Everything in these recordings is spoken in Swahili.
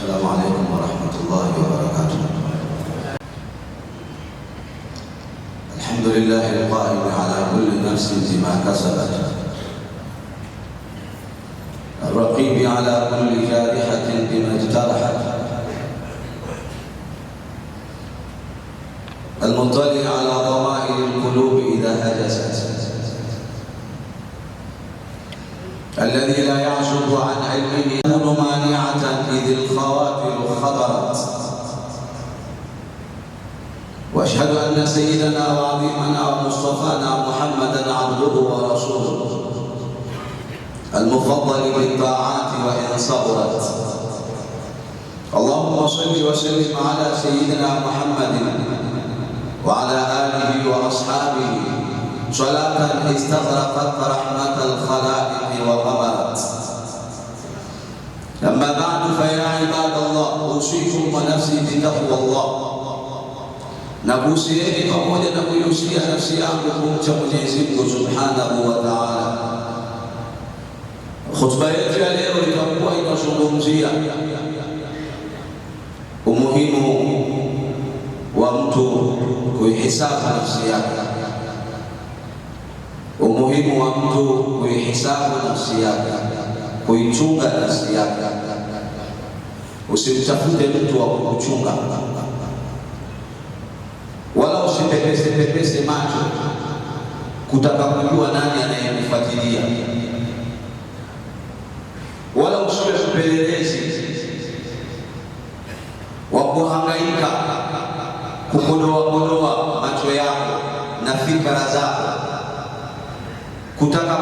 السلام عليكم ورحمة الله وبركاته الحمد لله القائم على كل نفس بما كسبت الرقيب على كل جارحة بما اجترحت المطلع على سيدنا وعظيمنا ومصطفانا محمدا عبده ورسوله المفضل بالطاعات وإن صبرت اللهم صل وسلم على سيدنا محمد وعلى آله وأصحابه صلاة استغرقت رحمة الخلائق وقمرت أما بعد فيا عباد الله أوصيكم ونفسي بتقوى الله na kuhusieni pamoja na kuihusia nafsi yangu kumcha Mwenyezi Mungu subhanahu wa taala. Khutba yetu ya leo itakuwa inazungumzia umuhimu wa mtu kuihisabu nafsi yake, umuhimu wa mtu kuihisabu nafsi yake, kuichunga nafsi yake. Usimtafute mtu wa kukuchunga pepese pepese macho kutaka kujua nani anayemfuatilia, wala usiwe mpelelezi wa kuhangaika kodoa macho yako na fikra zako kutaka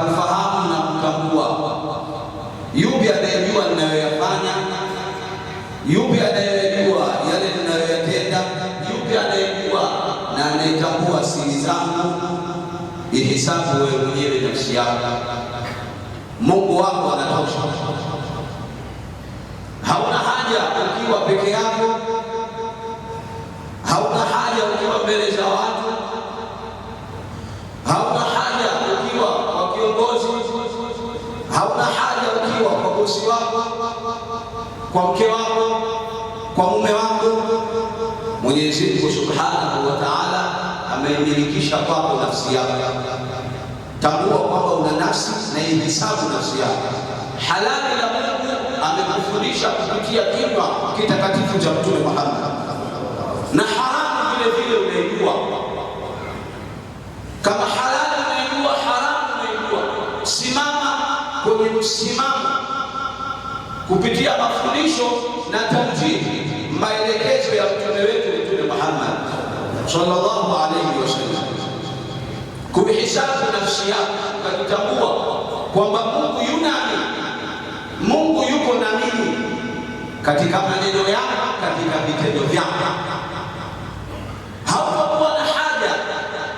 wako wanatosha. Hauna haja ukiwa peke yako, hauna haja ukiwa mbele za watu, hauna haja ukiwa kwa kiongozi, hauna haja ukiwa kwa bosi wako, kwa mke wako, kwa mume wako. Mwenyezi Mungu Subhanahu wa Ta'ala amemilikisha kwako nafsi yako. Tambua kwamba una nafsi na ihesabu nafsi yako. Halali ya Mungu amekufundisha kupitia kinywa kitakatifu cha Mtume Muhammad, na haramu vile vile unaijua. Kama halali unaijua, haramu unaijua. Simama kwenye msimamo kupitia mafundisho na tanjii, maelekezo ya mtume wetu Mtume Muhammad sallallahu uhisabu nafsi yako, ukatambua kwamba Mungu yu Mungu yuko na mimi katika maneno yako, katika vitendo vyako. Hautakuwa na haja,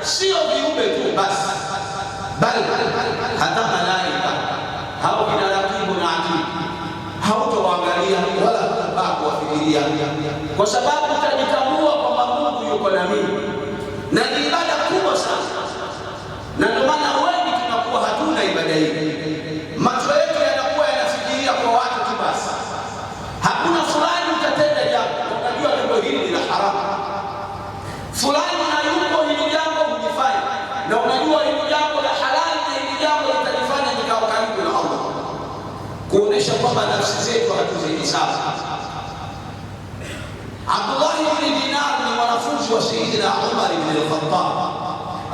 sio viumbe tu basi, bali hata malaika hao vinarakibu na atibu, hautawaangalia wala hutapaa kuwafikiria, kwa sababu utajitambua kwamba Mungu yuko na mimi na ibada kuzikomboa nafsi zetu na kuzihisabu. Abdullah ibn Dinar ni mwanafunzi wa Sayyidina Umar ibn al-Khattab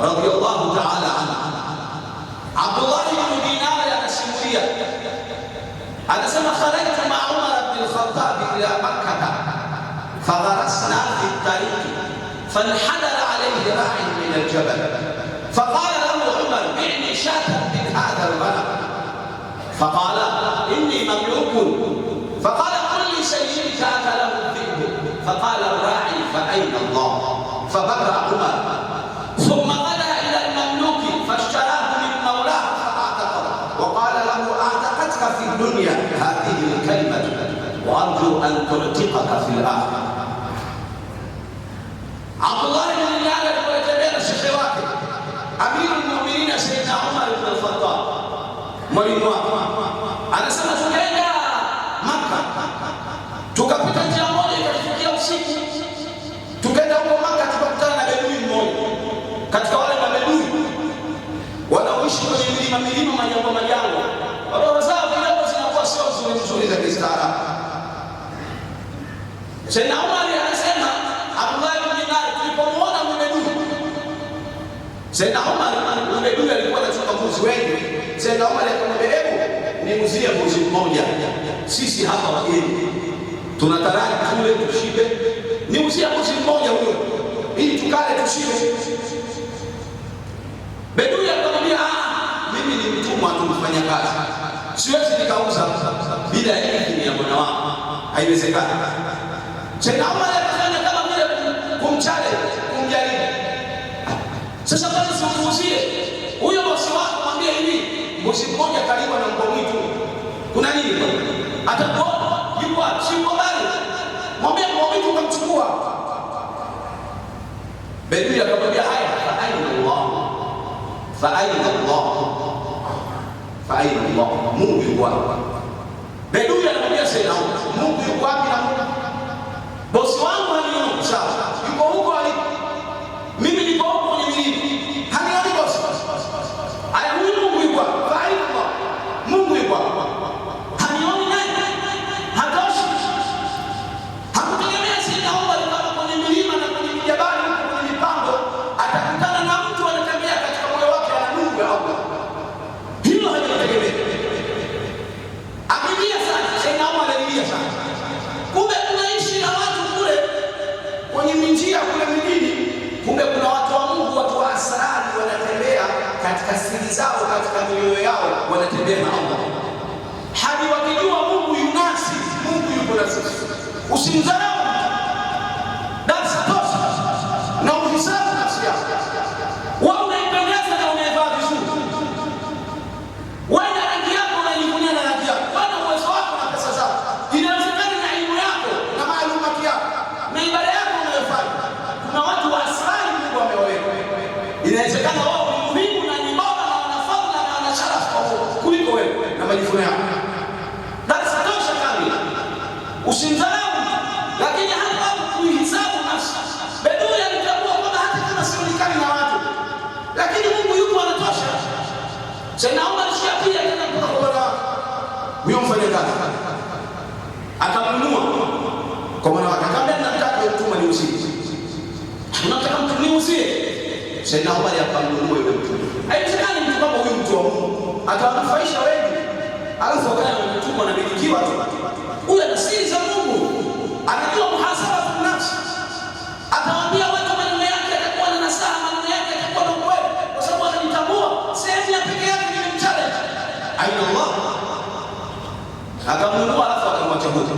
radhiyallahu ta'ala anhu. Abdullah ibn Dinar anasimulia, anasema kharajtu ma Umar ibn al-Khattab ila Makkah fagharasna fi at-tariq فانحدر عليه راع من الجبل فقال له عمر بعني شاة من هذا الغنم فقال إني مملوك فقال قل لي شيء أكله الذئب فقال الراعي فأين الله فبكى عمر ثم غدا إلى المملوك فاشتراه من مولاه فأعتقد وقال له أعتقتك في الدنيا هذه الكلمة وأرجو أن تعتقك في الآخرة عبد الله بن دينار وجبير الشيخ أمير المؤمنين سيدنا عمر بن الخطاب مريض Sayyidna Umar anasema Abdullah bin Dinar tulipomwona mume dume. Umar mume alikuwa mbuzi wengi. Umar akamwambia hebu nimuzie mbuzi mmoja. Sisi hapa wageni. Tunataraji kule tushibe. Nimuzie mbuzi mmoja huyo. Ili tukale tushibe. Bedui akamwambia ah, mimi ni mtumwa tu mfanya kazi. Siwezi nikauza bila ya idhini ya bwana wangu. Haiwezekani. fa aina Allah, fa aina Allah, Mungu yuko wapi? Beduya anamwambia Sayyidina simdharau, lakini hata kuihisabu nafsi. Bedui alitambua kwamba hata kama sionekani na watu, lakini Mungu yupo anatosha. Saidna Umar alishaapia tena kutoka kwa baba wake huyo mfanyakazi, akamnunua kwa mwana wake, akamwambia nataka utuma niuzie, nataka mtu niuzie. Saidna Umar akamnunua yule mtu, haiwezekani mtu kama huyu mtu wa Mungu atawanufaisha wengi alafu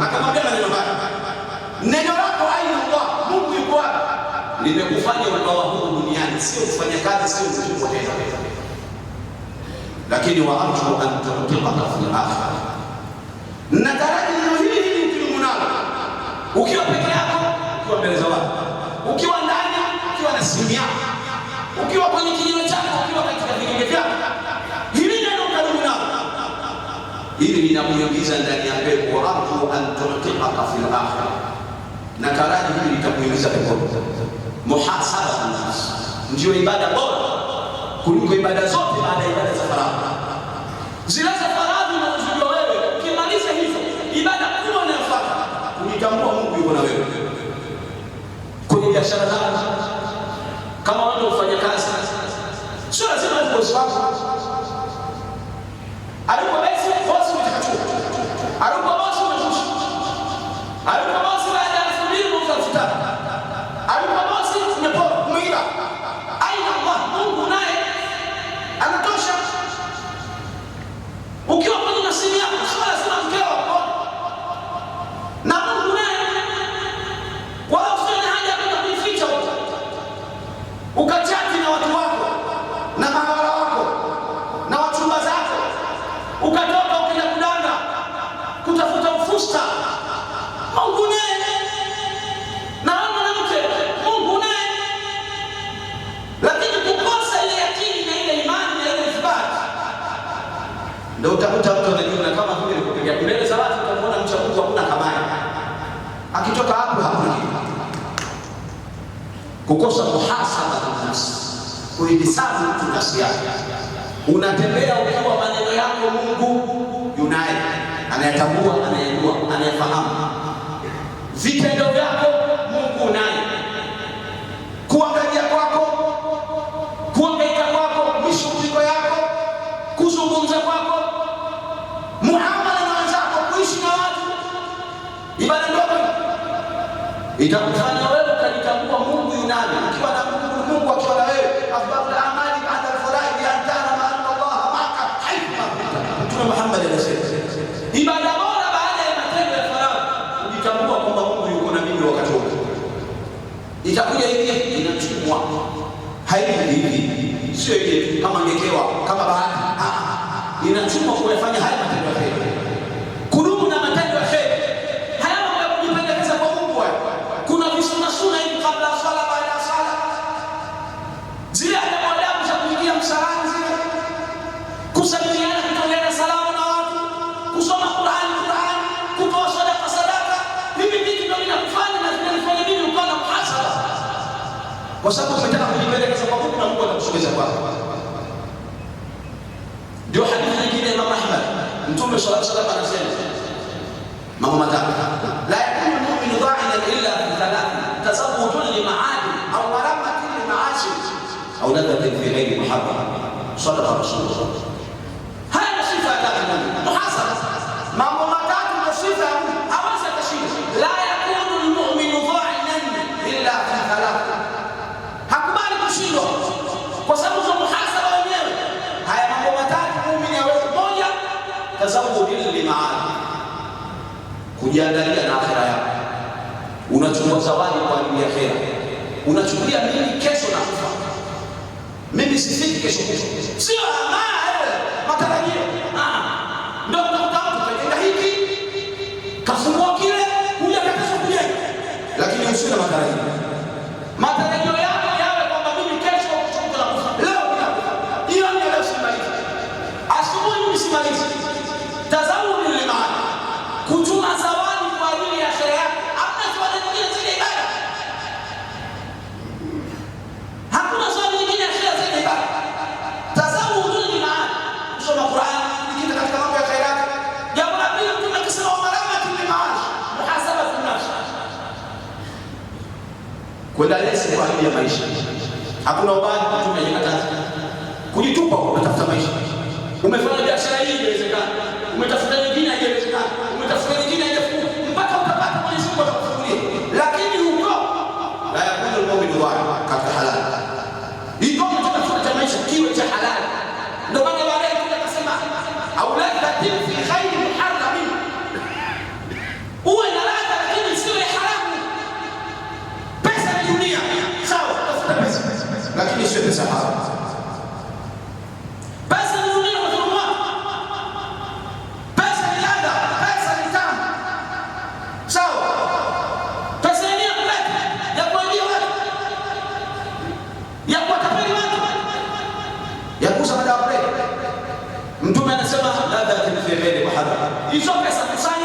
akamwambia maneno haya, neno lako aina kwa Mungu yuko hapa, Nimekufanya ubawa huko duniani, sio kufanya kazi, sio kuchukua hela, lakini wa arju an tuqimaka fil akhirah. Nataraji neno hili hili ukilimunalo ukiwa hii inakuingiza ndani ya pepo, arju an tuqika fil akhirah, na karaji hii litakuingiza peponi. Muhasaba nafsi ndio ibada bora kuliko ibada zote baada ya ibada za faradhi. Zile za faradhi unazojua wewe, ukimaliza hizo ibada kubwa inayofuata unitambua Mungu yuko na wewe kwenye biashara zako, kama wewe wafanya kazi, sio lazima alikosi wako alikuwa ukatoka ukenda kudanga kutafuta ufusta. Mungu ne na lakini kukosa ile yakini na ile imani na ile ithibati, ndio utakuta mtu anajiona kama vile kupiga kelele za watu. Utamwona mcha Mungu hakuna akitoka hapo kukosa muhasaba nafsi kuhisabu nafsi yako, unatembea ukiwa ambayo Mungu yunaye, anayetambua, anayejua, anayefahamu vitendo vyako. Mungu unaye, kuangalia kwako, kuangaika kwako, mishughuliko yako, kuzungumza kwako, muamala na wenzako, kuishi na watu, ibada ndogo itakufanya lazima kuyafanya haya matendo ya heri, kudumu na matendo ya heri haya, mambo ya kujipendekeza kwa Mungu. Kuna visunasuna hivi kabla ya sala, baada ya sala, zile adabu za kuingia msalani, zile kusalimiana, kutoleana salamu na watu, kusoma Qur'an, Qur'an, kutoa sadaka, sadaka. Hivi vitu ndio vinakufanya na vinanifanya mimi ukawa na muhasaba, kwa sababu umetaka kujipendekeza kwa Mungu na Mungu atakusogeza kwako. Mtume sallallahu alaihi wasallam anasema mambo matatu, la yakunu mu'minu dha'inan illa bi thalath tasawwutun li ma'adi aw maramatin li ma'asi aw nadathin fi ghairi muharram. Sadaqa Rasulullah. ukiangalia na akhera yako. Unachukua zawadi kwa ajili ya akhera, unachukia mimi kesho kufa mimi sifiki kesho kesho, sio matarajio ah, ndio utaenda hiki kafungua kile kuja kesho kuja, lakini na matarajio matarajio kwenda lesi kwa ajili ya maisha. Hakuna kutumia jina ajikataza kujitupa, unatafuta maisha, umefanya biashara hii, inawezekana zile za hapa Mtume anasema ladha ya kimfemele kwa hadhara. Hizo pesa kusanya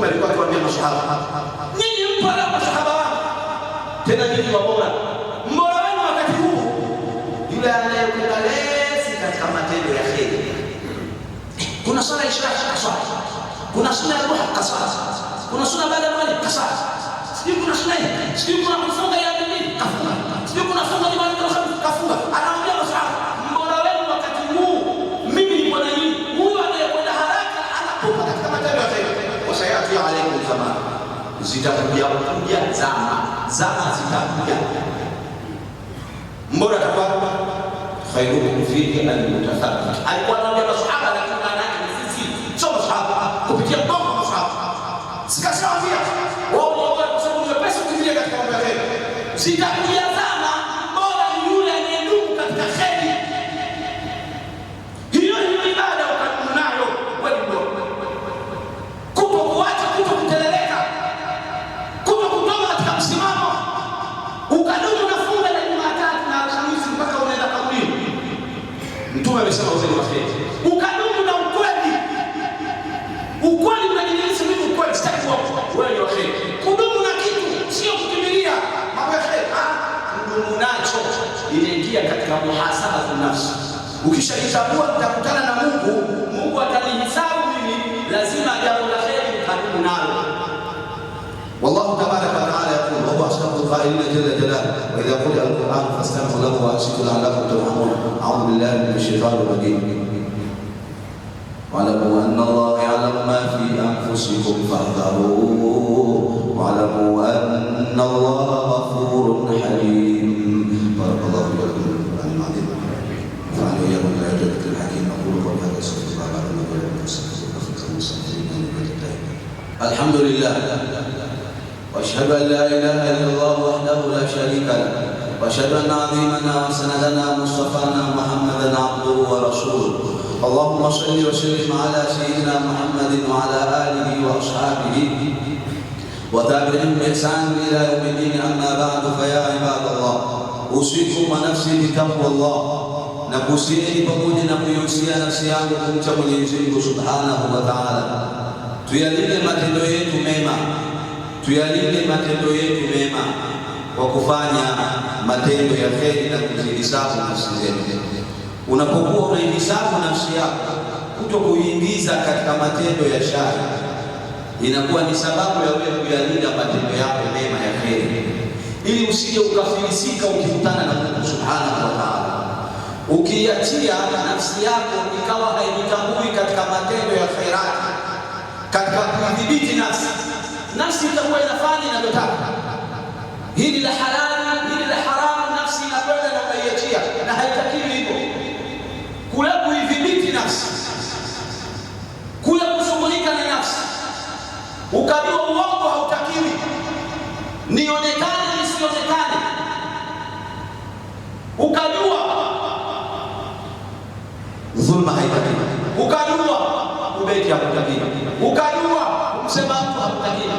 Mtume alikuwa akiwaambia masahaba, nyinyi mpo na masahaba wangu, tena nyinyi wabora, mbora wenu wakati huu, yule anayekwenda lesi katika matendo ya kheri. Kuna sala ishrahi kaswali, kuna suna ya duha kaswali, kuna suna baada ya mwali kaswali, sijui kuna suna hii, sijui kuna kufunga ya dini kafunga, sijui kuna funga jumani kafunga zitakuja kuja zama, zama zitakuja. Mbona atakuwa khairukum fi almutathabbit, alikuwa anaambia masahaba, lakini maana yake ni sisi sio masahaba kupitia mgongo wa masahaba. Sikasawazia wao, kwa sababu pesa kuingia katika mambo yake zitakuja تفكروا واعلموا أن الله غفور حليم بارك الله في لكم القرآن العظيم وعلى إياكم لا يجب الحكيم أقول قولي هذا أستغفر الله بعد ما بلغ الحمد لله واشهد ان لا اله الا الله وحده لا شريك له واشهد ان عظيمنا وسندنا مصطفانا محمدا عبده ورسوله اللهم صل وسلم على سيدنا محمد وعلى اله واصحابه وتابعين باحسان الى يوم الدين اما بعد فيا عباد الله اوصيكم ونفسي بتقوى الله نقصيني بقول نقصي نفسي عن كنت مليزيك سبحانه وتعالى تيالين ما تدويت ميما تيالين ما تدويت ميما وكفانيا ما تدويت خير نقصي بسافه نفسي Unapokuwa unaihisabu nafsi yako, kuto kuingiza katika matendo ya shari inakuwa ni sababu ya wewe kuyalinda matendo yako mema ya kheri, ili usije ukafilisika ukikutana na Mungu subhanahu wa taala. nafsi yako ikawa haijitambui katika matendo ya khairati, katika kuidhibiti nafsi, nafsi itakuwa inafanya inavyotaka, hili la halali Ukajua uongo hautakiwi, nionekane nisionekane, ukajua dhulma haitakiwi, ukajua ubeti hakutakiwi, ukajua kumsema mtu hakutakiwi,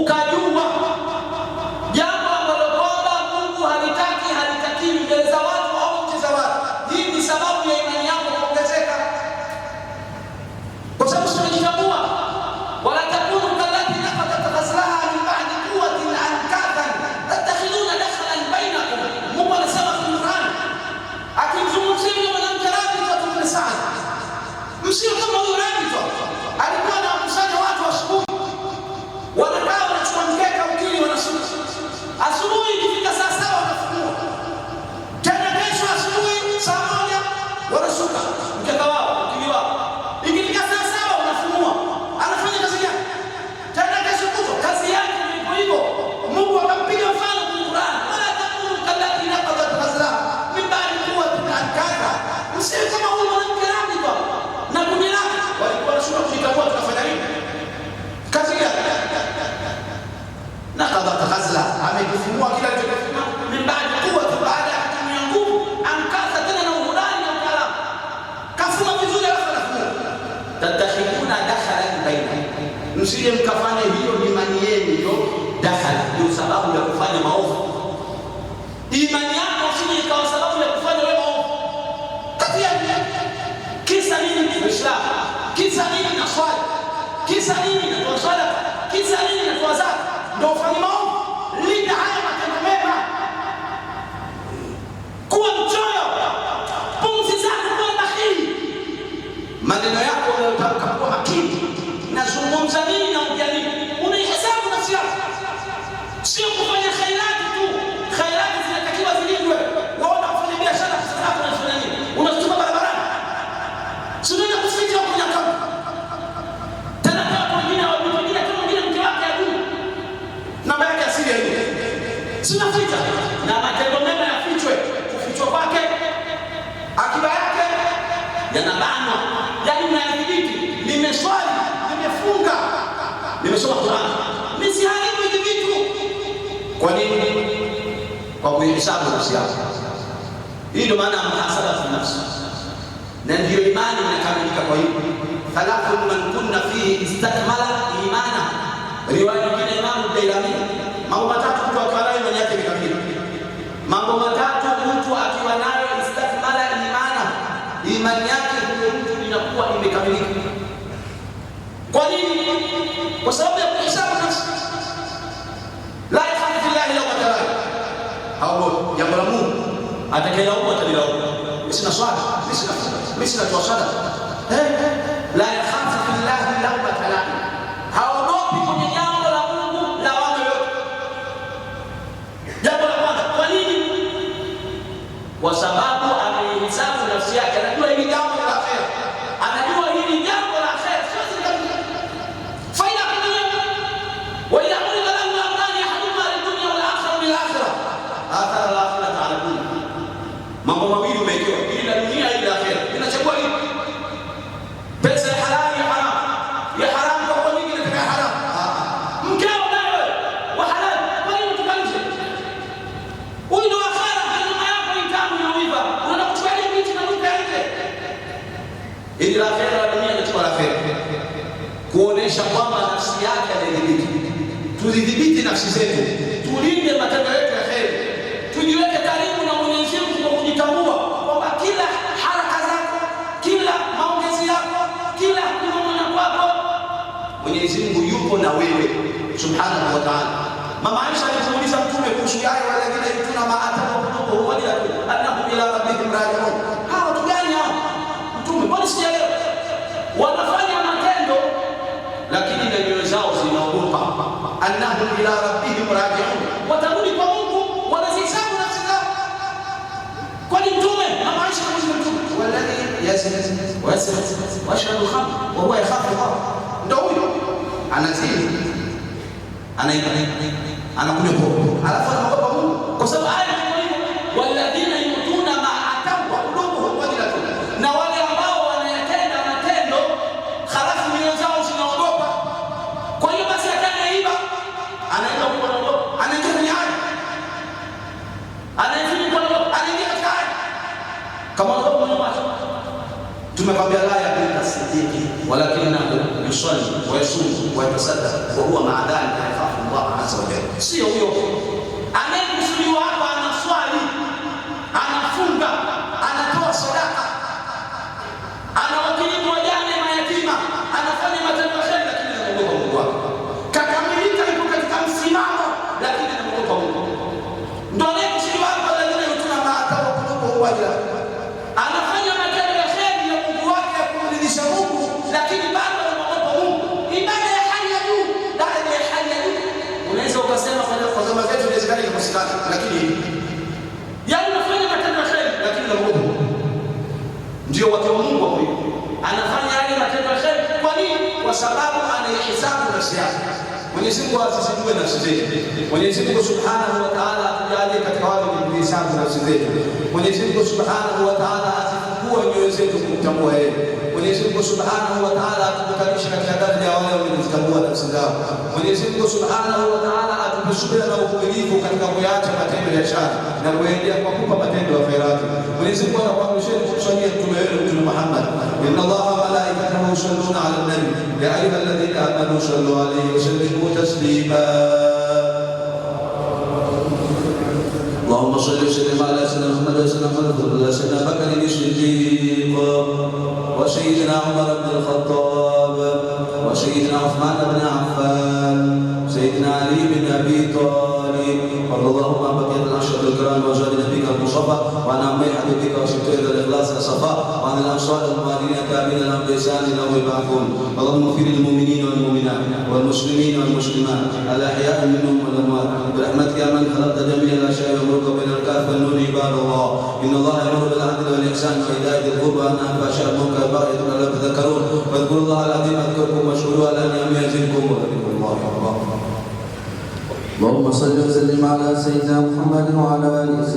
uka Qui s'aligne, qui s'aligne, quoi nini inatoa zaka? du Kwa nini? Kwa kuihesabu nafsi yako. Hii ndio maana muhasaba fi nafsi, na ndiyo imani inakamilika. Kwa hiyo thalathu man kunna fihi istakmala imana, riwaya nyingine Imamu Dailami, mambo matatu mtu akiwa nayo imani yake imekamilika. Mambo matatu mtu akiwa nayo istakmala imana, imani yake huyo mtu inakuwa imekamilika. Kwa nini? Kwa sababu ya kuhesabu nafsi au jambo la Mungu atakayelaumu atalilaumu. Mimi sina swala, mimi sina mimi sina toa sala. Eh, la yakhafu billahi lawmata laim, haogopi kwenye jambo la Mungu la watu yote. Jambo la kwanza, kwa nini? zetu, tulinde matendo yetu ya heri, tujiweke karibu na Mwenyezi Mungu kwa kujitambua kwamba kila haraka zako, kila maongezi yako, kila kunong'ona kwako, Mwenyezi Mungu yupo na wewe subhanahu wa ta'ala. Mama Aisha alimuuliza Mtume kuhusu yale walakina yutuna maataakuuuwalilatu annahum ila rabbihim rajiun. Hawa watu gani hao? Mtume, mbona sijaelewa? Wanafanya matendo lakini na nyoyo zao zinaogopa annahum ila واسد واشهد الخط وهو يخاف الخط دوي انا زين انا انا انا كل هو على فرق هو كسب عالم والذين staki, lakini yani unafanya matendo ya heri, lakini unaogopa. Ndio watu wa Mungu huyu anafanya yale matendo ya heri. Kwa nini? Kwa sababu anaihesabu nafsi yake. Mwenyezi Mungu azizijue nafsi zetu. Mwenyezi Mungu Subhanahu wa Ta'ala atujalie katika wale wenye kuhesabu nafsi zetu. Mwenyezi Mungu Subhanahu wa Ta'ala kumtambua mioyo yetu kumtambua yeye. Mwenyezi Mungu Subhanahu wa Ta'ala atukutanishe katika daraja ya wale waliozitambua nafsi zao. Mwenyezi Mungu Subhanahu wa Ta'ala atupe subira na uvumilivu katika kuyaacha matendo ya shari na kuendelea kwa kupa matendo ya khairati. Mwenyezi Mungu anakuamrisheni kusalia mtume wenu Mtume Muhammad. Inna Allaha wa malaikatahu yusalluna 'alan nabi ya ayyuhalladhina amanu sallu 'alayhi wa sallimu taslima. سيدنا عمر بن الخطاب وسيدنا عثمان بن عفان وسيدنا علي بن أبي طالب وارض اللهم عن بقية العشرة الكرام وجعل نبيك المصطفى وعن عمي حبيبك الى الإخلاص الصفاء وعن الأنصار المؤمنين التابعين لهم بإحسان إلى يوم يبعثون اللهم اغفر للمؤمنين والمؤمنات والمسلمين والمسلمات الأحياء منهم والأموات برحمتك يا من خلقت جميع الأشياء يمرك بين الكاف والنون عباد الله إن الله يأمر بالعدل والإحسان وإيتاء ذي القربى وينهى عن الفحشاء والمنكر والبغي يعظكم لعلكم تذكرون فاذكروا الله العظيم أذكركم واشكروه على نعمه يزدكم وذكركم الله أكبر اللهم صل وسلم على سيدنا محمد وعلى آله